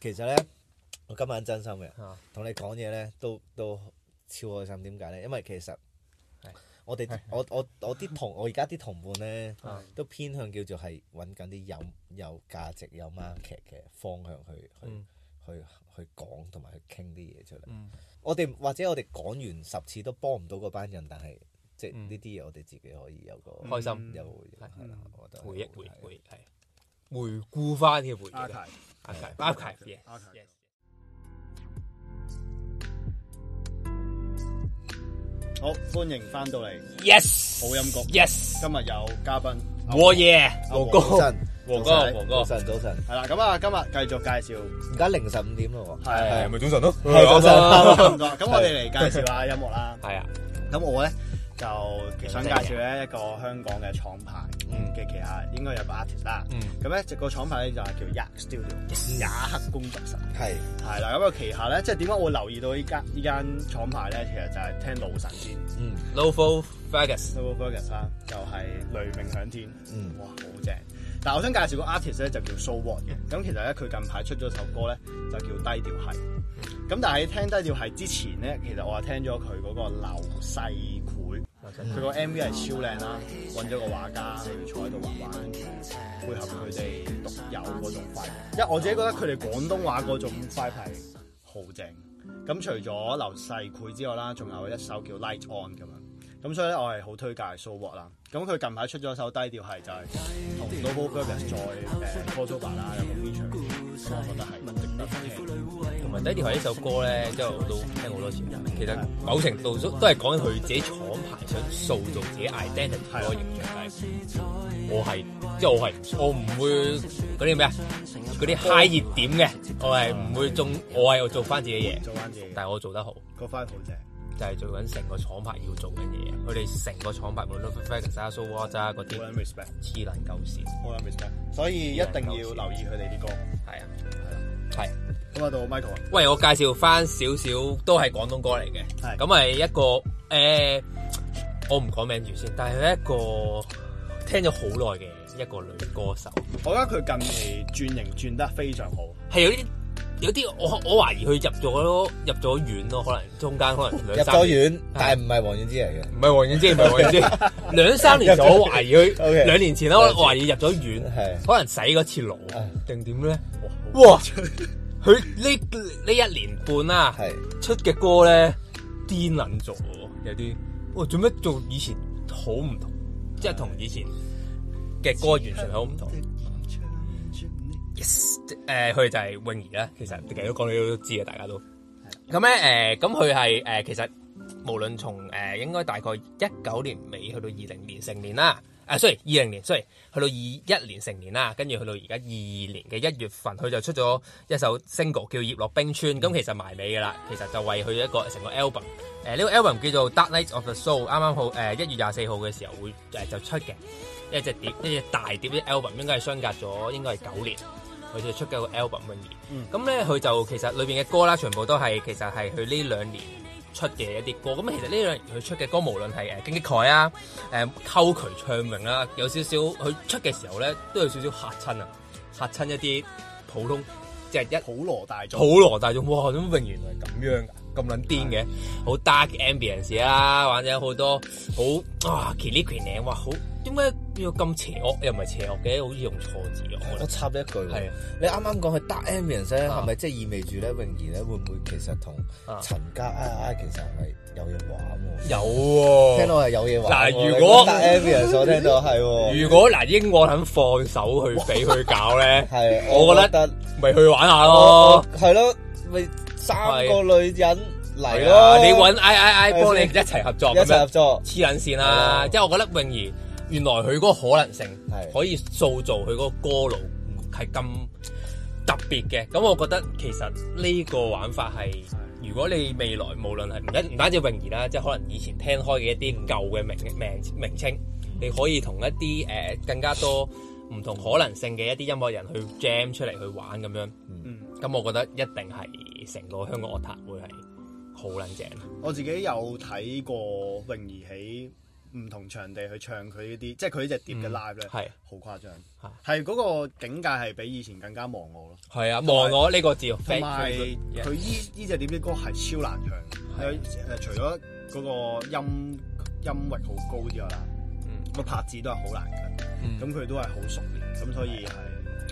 其實咧，我今晚真心嘅，同你講嘢咧都都超開心。點解咧？因為其實我哋我我我啲同我而家啲同伴咧，都偏向叫做係揾緊啲有有價值有 market 嘅方向去去去去講同埋去傾啲嘢出嚟。我哋或者我哋講完十次都幫唔到嗰班人，但係即係呢啲嘢我哋自己可以有個開心有回憶，係咯，我覺得。回顧翻嘅回憶，阿 Kay，阿 Kay，阿 Kay，Yes，好，歡迎翻到嚟，Yes，好音谷，Yes，今日有嘉賓，我耶，王哥，早晨，黃哥，黃哥，早晨，早晨，係啦，咁啊，今日繼續介紹，而家凌晨五點咯，係，係咪早晨咯？係早晨，唔該，咁我哋嚟介紹下音樂啦，係啊，咁我咧。就想介紹咧一個香港嘅廠牌嘅旗下、嗯、應該有個 artist 啦。咁咧、嗯，個廠牌咧就係叫 Yack Studio，Yes. 雅克工作室。係係啦，咁嘅的旗下咧，即係點解會留意到依家依間廠牌咧？其實就係聽老神仙，Low Fall Vegas，Low Fall Vegas 啦，嗯、as, 就係雷鳴響天。嗯，哇，好正！但係我想介紹個 artist 咧，就叫 SoWhat 嘅。咁其實咧，佢近排出咗首歌咧，就叫《低調系》。咁但係聽《低調系》之前咧，其實我係聽咗佢嗰個流逝。佢個 MV 係超靚啦，揾咗個畫家去坐喺度畫畫，配合佢哋獨有嗰種 vibe 因為我自己覺得佢哋廣東話嗰種 vibe 係好正。咁除咗劉世攰之外啦，仲有一首叫 Light On 咁樣，咁所以咧我係好推介 So What 啦。咁佢近排出咗一首低調係就係同 Lobo Fabrics 再 collaborate 啦，有個編曲，我覺得係值得聽。第一條係呢首歌咧，之後我都聽好多次。其實某程度都都係講佢自己廠牌想塑造自己 identity 嗰個形象。係，我係即係我係我唔會嗰啲咩啊，嗰啲 high 熱點嘅，我係唔會中，我係做翻自己嘢。做翻自己，但係我做得好，個番好正。就係做緊成個廠牌要做緊嘢，佢哋成個廠牌冇得 respect SoWhat 咋嗰啲。冇人 respect，黐撚鳩線。冇人 respect，所以一定要留意佢哋啲歌。係啊，係啊，係。喂，我介紹翻少少都係廣東歌嚟嘅。係咁係一個誒，我唔講名住先。但係呢一個聽咗好耐嘅一個女歌手，我覺得佢近期轉型轉得非常好。係有啲有啲，我我懷疑佢入咗入咗院咯。可能中間可能兩三年入咗院，但係唔係王菀之嚟嘅，唔係王菀之，唔係王菀之。兩三年左，懷疑佢兩年前啦，我懷疑入咗院，係可能洗嗰次腦定點咧？哇！佢呢呢一年半啦，出嘅歌咧癲撚咗，有啲哇做咩做以前好唔同，即係同以前嘅歌完全好唔同。誒，佢就係泳兒啦，其實大家都講，你都知啊，大家都。咁咧誒，咁佢係誒，其實無論從誒，應該大概一九年尾去到二零年成年啦。啊，sorry 二零年，sorry 去到二一年成年啦，跟住去到而家二二年嘅一月份，佢就出咗一首 single 叫《葉落冰川》。咁其實埋尾噶啦，其實就為佢一個成個 album。誒呢個 album 叫做《Dark Nights of the Soul》，啱啱好誒一月廿四號嘅時候會誒就出嘅一隻碟，一隻大碟，啲 album 應該係相隔咗應該係九年，佢就出嘅個 album。咁咧佢就其實裏邊嘅歌啦，全部都係其實係佢呢兩年，出嘅一啲歌，咁其實呢兩年佢出嘅歌，無論係誒攻擊凱啊，誒、嗯、溝渠唱榮啦，有少少佢出嘅時候咧，都有少少嚇親啊，嚇親一啲普通即係一普羅大眾，普羅大眾，哇！咁泳兒原來係咁樣噶，咁撚癲嘅，好 dark ambience 啦，或者好多好啊 quirky 哇，好～哇點解要咁邪惡又唔係邪惡嘅？好似用錯字。我插一句，係你啱啱講係《Dark Ambience》啫，係咪即係意味住咧？泳兒咧會唔會其實同陳家 I I 其實係有嘢玩？有，聽到係有嘢玩。嗱，如果《Dark Ambience》我聽到係，如果嗱，英皇肯放手去俾佢搞咧，係我覺得咪去玩下咯？係咯，咪三個女人嚟咯？你搵 I I I 幫你一齊合作，一齊合作黐捻線啦！即係我覺得泳兒。原來佢嗰個可能性的可以塑造佢嗰個歌路係咁特別嘅，咁我覺得其實呢個玩法係，如果你未來無論係唔一唔單止泳兒啦，即係可能以前聽開嘅一啲舊嘅名名名稱，你可以同一啲誒、呃、更加多唔同可能性嘅一啲音樂人去 jam 出嚟去玩咁樣，咁、嗯、我覺得一定係成個香港樂壇會係好撚正。我自己有睇過泳兒喺。唔同場地去唱佢呢啲，即係佢呢隻碟嘅 live 咧，係好誇張，係嗰個境界係比以前更加忘我咯。係啊，忘我呢個字，同佢依依隻碟啲歌係超難唱，佢誒除咗嗰個音音域好高之外啦，個拍子都係好難嘅，咁佢都係好熟練，咁所以係。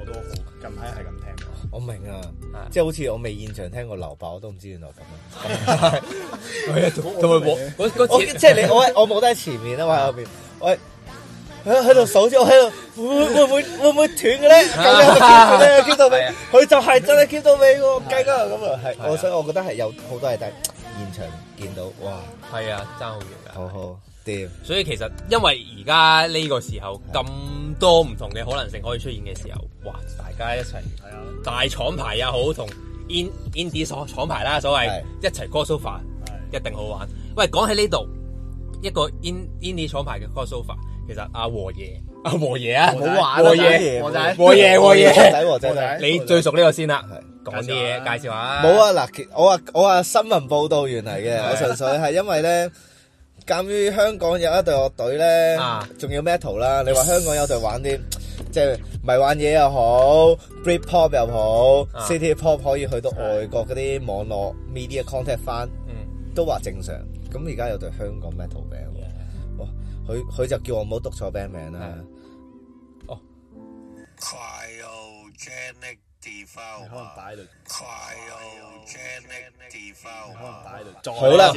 我都好，近排係咁聽。我明啊，即係好似我未現場聽過流爆，我都唔知原來咁樣。同埋我，我即係你，我我冇得喺前面啊，我喺後面，我喺喺度數住，我喺度會會會會會斷嘅咧，咁樣 cut 到尾？cut 到尾，佢就係真係 cut 到尾喎，更加咁啊！係，所以我覺得係有好多係喺現場見到，哇！係啊，周好啊，好好。所以其實因為而家呢個時候咁多唔同嘅可能性可以出現嘅時候，哇！大家一齊係啊，大廠牌又好，同 in indie 廠廠牌啦，所謂一齊 crossover 一定好玩。喂，講喺呢度一個 in indie 廠牌嘅 crossover 其實阿和爺，阿和爺啊，好玩和爺和仔和爺和爺，唔使和仔，你最熟呢個先啦，講啲嘢介紹下。冇啊，嗱，我啊我話新聞報道員嚟嘅，我純粹係因為咧。鑑於香港有一隊樂隊咧，仲、啊、要 Metal 啦，Yes. 你話香港有隊玩啲 即係迷幻嘢又好 ，Britpop 又好、啊、City Pop 可以去到外國嗰啲網絡 media contact 翻，嗯、都話正常。咁而家有隊香港 Metal band，哇！佢佢就叫我唔好讀錯 band 名啦。哦、嗯。Oh. TF 啊，快哦，Jennie TF 啊，快哦，再好啦，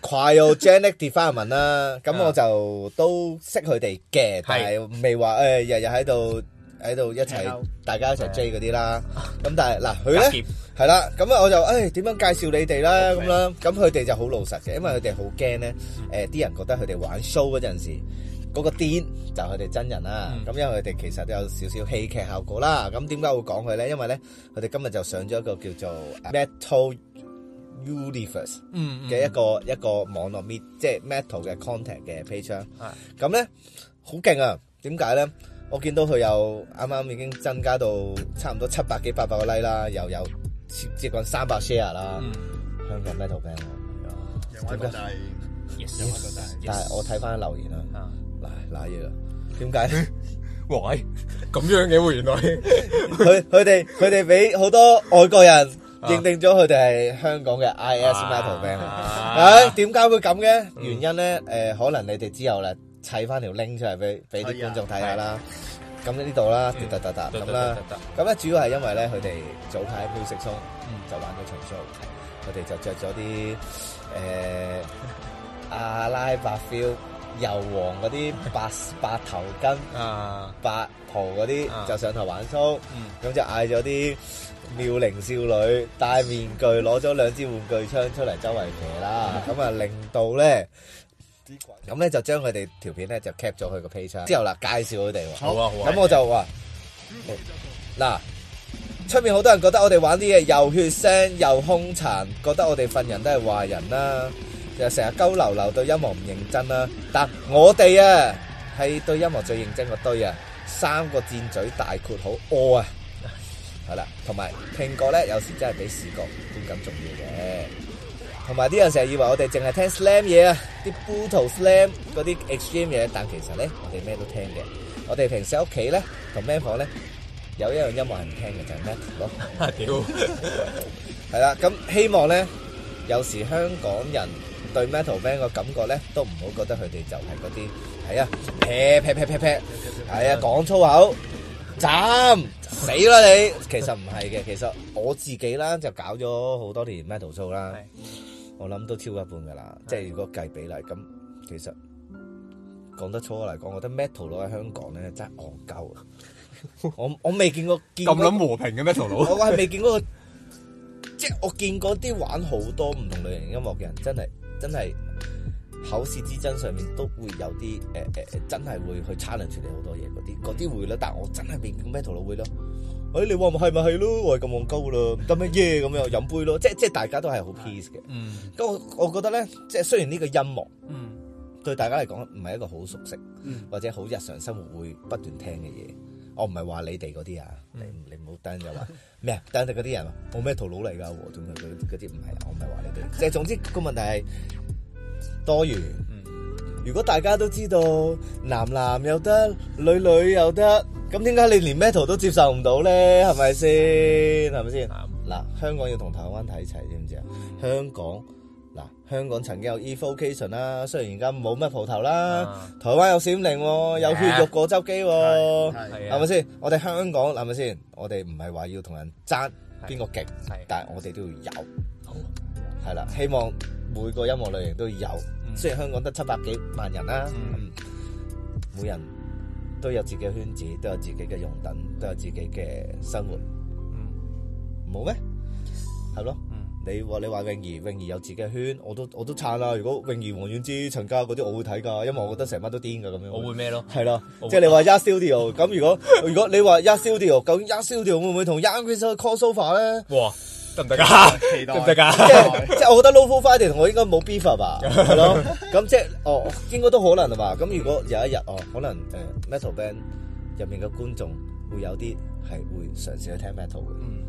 快哦，Jennie TF 係咪啊？咁我就都識佢哋嘅，但係未話誒，日日喺度喺度一齊，大家一齊追嗰啲啦。咁但係嗱，佢咧係啦，咁啊我就誒點樣介紹你哋啦咁啦。咁佢哋就好老實嘅，因為佢哋好驚咧，誒啲人覺得佢哋玩 show 嗰陣時。嗰個癲就係佢哋真人啦，咁因為佢哋其實都有少少戲劇效果啦。咁點解會講佢咧？因為咧，佢哋今日就上咗一個叫做 Metal Universe 嘅一個一個網絡 Meet，即係 Metal 嘅 Contact 嘅 page。咁咧好勁啊！點解咧？我見到佢又啱啱已經增加到差唔多七百幾八百個 like 啦，又有接近三百 share 啦。香港 Metal Band 點解？但係我睇翻留言啊！瀨嘢啦，點解？喂，咁樣嘅喎，原來佢佢哋佢哋俾好多外國人認定咗佢哋係香港嘅 ISImetal band，誒，點解會咁嘅？原因咧，誒，可能你哋之後咧砌翻條 link 出嚟俾俾啲觀眾睇下啦。咁呢呢度啦，得得得得咁啦。咁咧主要係因為咧，佢哋早排潘石聰就玩咗重塑，佢哋就着咗啲誒阿拉伯 feel。油黃嗰啲白白頭巾啊，白袍嗰啲就上頭玩粗，咁、嗯、就嗌咗啲妙齡少女戴面具，攞咗兩支玩具槍出嚟周圍騎啦，咁啊、嗯、令到咧，咁咧、嗯、就將佢哋條片咧就 cap 咗佢個 page 之後啦，介紹佢哋，好啊好的啊，咁我就話，嗱，出面好多人覺得我哋玩啲嘢又血腥又凶殘，覺得我哋份人都係壞人啦、啊。又成日鳩流流對音樂唔認真啦，但我哋啊係對音樂最認真個堆啊，三個尖嘴大括號愛，係啦，同埋聽覺咧有時真係比視覺觀感重要嘅，同埋啲人成日以為我哋淨係聽 slam 嘢啊，啲 brutal slam 嗰啲 extreme 嘢，但其實咧我哋咩都聽嘅，我哋平時屋企咧同 men 房咧有一樣音樂係唔聽嘅就係咩咯，係啦，咁希望咧有時香港人。對 Metal Band 嘅感覺咧，都唔好覺得佢哋就係嗰啲，係啊，劈劈劈劈劈，係啊，講粗口，斬死啦你！其實唔係嘅，其實我自己啦就搞咗好多年 Metal Show 啦，我諗都超一半噶啦，即係如果計比例咁，其實講得粗口嚟講，我覺得 Metal 佬喺香港咧真係惡鳩啊！我我未見過咁諗和平嘅 Metal 佬，我係未見過，即係我見過啲玩好多唔同類型音樂嘅人，真係。真係口舌之爭上面都會有啲誒誒真係會去 challenge 你好多嘢嗰啲，嗰啲會咯。但係我真係變咁咩頭腦會咯？誒、哎，你話咪係咪係咯？我係咁戇高啦，咁咪耶咁又飲杯咯。即係即係大家都係好 peace 嘅。咁、嗯、我我覺得咧，即係雖然呢個音樂，對大家嚟講唔係一個好熟悉、嗯、或者好日常生活會不斷聽嘅嘢。我唔係話你哋嗰啲啊，嗯、你你唔好突就又話咩啊？突然哋嗰啲人冇咩 Metal 佬嚟噶喎，仲係嗰啲唔係，我唔係話你哋。即係總之個問題係多元。嗯、如果大家都知道男男又得，女女又得，咁點解你連 Metal 都接受唔到咧？係咪先？係咪先？嗱、嗯，香港要同台灣睇齊，知唔知啊？嗯、香港。香港曾經有 Evocation 啦，雖然而家冇乜蒲頭啦。Uh, 台灣有閃靈，有血肉果汁機，係咪先？我哋香港係咪先？我哋唔係話要同人爭邊個極，但係我哋都要有，係啦、嗯。希望每個音樂類型都要有。雖然香港得七百幾萬人啦，嗯、每人都有自己嘅圈子，都有自己嘅擁躉，都有自己嘅生活，冇咩係咯？ 你話你話泳兒泳兒有自己嘅圈，我都我都撐啦。如果泳兒、王菀之、陳家嗰啲，我會睇噶，因為我覺得成班都癲噶咁樣。我會咩咯？係咯，即係你話 Yack Studio 咁。如果如果你話 Yack Studio，究竟 Yas Yack Studio 會唔會同 Young Queenz collab 咧？哇！得唔得噶？得唔得噶？即係即係，我覺得《Low fighting 我應該冇 beef 吧，係咯。咁即係哦，應該都可能啊嘛。咁如果有一日哦，可能誒 Metal Band 入面嘅觀眾會有啲係會嘗試去聽 Metal 嘅。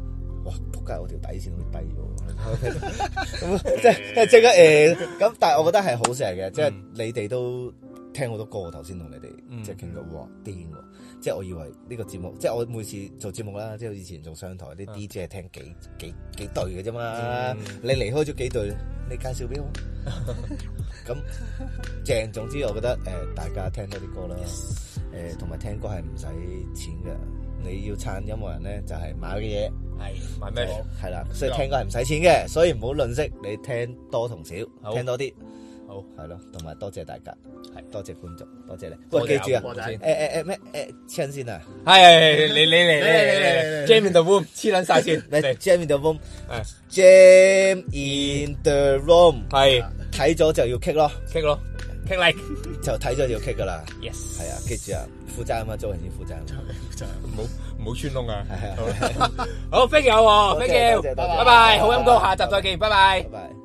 仆街！我條底線會低喎，咁 Okay. 即係即係即係誒咁，但係我覺得係好事嚟嘅。嗯、即係你哋都聽好多歌，我頭先同你哋、嗯、即係傾到哇癲喎、啊，即係我以為呢個節目，即係我每次做節目啦，即係以前做商台啲 DJ 係聽幾幾幾對嘅啫嘛，嗯、你離開咗幾對，你介紹俾我，咁 正。總之我覺得誒、呃，大家聽多啲歌啦，誒、呃，同埋聽歌係唔使錢嘅，你要撐音樂人咧，就係買嘅嘢。就是係買咩好？係啦，所以聽歌係唔使錢嘅，所以唔好吝嗇，你聽多同少，聽多啲，好係咯，同埋多謝大家，係多謝觀眾，多謝你。不過記住啊，誒誒誒咩誒唱先啊，係你你嚟，你嚟，Jam in the room，黐捻晒線，嚟 Jam in the room 黐捻晒先！你 Jam in the room 誒 Jam in the room，係睇咗就要 kick 咯，kick 咯。劈利就睇咗條劇噶啦，yes，係啊，記住啊，負責啊嘛，做人先負責，負責，唔好唔好穿窿啊，係啊，好，thank you，thank you，拜拜，好音谷，下集再見，拜拜。